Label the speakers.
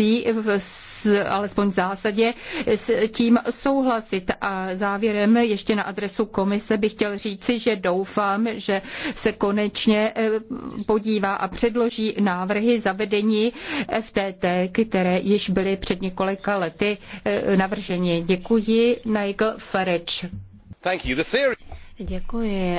Speaker 1: musí v, s, alespoň v zásadě s tím souhlasit. A závěrem ještě na adresu komise bych chtěl říci, že doufám, že se konečně e, podívá a předloží návrhy zavedení FTT, které již byly před několika lety e, navrženy. Děkuji, Nigel Farage. Děkuji.